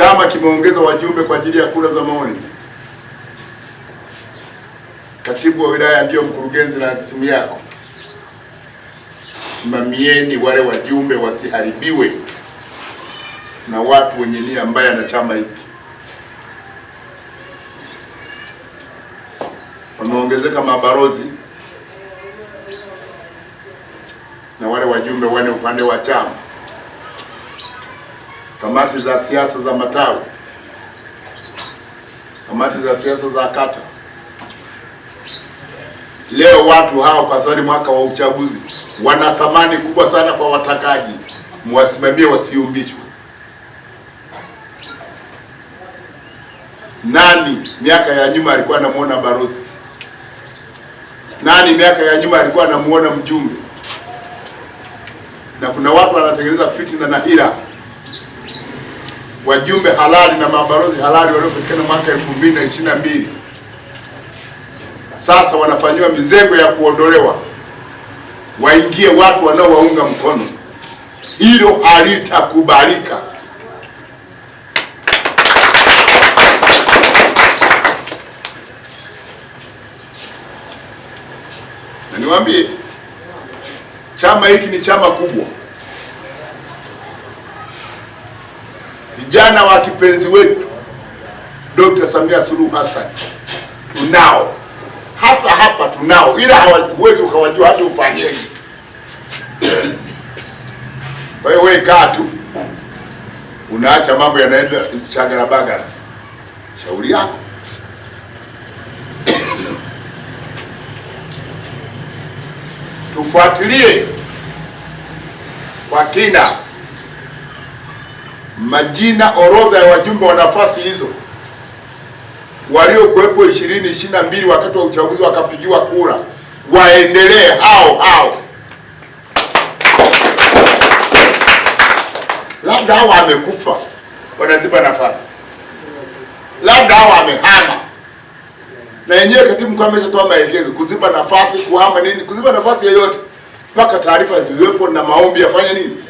chama kimeongeza wajumbe kwa ajili ya kura za maoni. Katibu wa wilaya ndiyo mkurugenzi na timu yako, simamieni wale wajumbe wasiharibiwe na watu wenye nia mbaya na chama hiki. Wameongezeka mabalozi na wale wajumbe wane upande wa chama kamati za siasa za matawi, kamati za siasa za kata. Leo watu hao kwa sababu mwaka wa uchaguzi wana thamani kubwa sana kwa watakaji, mwasimamie wasiumbishwe. Nani miaka ya nyuma alikuwa anamuona barozi? Nani miaka ya nyuma alikuwa anamuona mjumbe? Na kuna watu wanatengeneza fitina na hila wajumbe halali na mabalozi halali waliopatikana mwaka 2022 sasa wanafanyiwa mizengo ya kuondolewa, waingie watu wanaowaunga mkono. Hilo halitakubalika. na niwaambie, chama hiki ni chama kubwa. vijana wa kipenzi wetu Dr. Samia Suluhu Hassan tunao, hata hapa tunao, ila huwezi ukawajua hata ufanyeni. Kwa hiyo wewe kaa tu, unaacha mambo yanaenda shagarabagara, shauri yako. Tufuatilie kwa kina majina orodha ya wajumbe wa nafasi hizo waliokuwepo ishirini ishirini na mbili wakati wa uchaguzi wakapigiwa kura waendelee hao hao, labda hao amekufa wanaziba nafasi, labda hao amehama na yenyewe katibu mkuu ameshatoa maelekezo kuziba nafasi, kuhama nini, kuziba nafasi yoyote mpaka taarifa ziwepo na maombi yafanye nini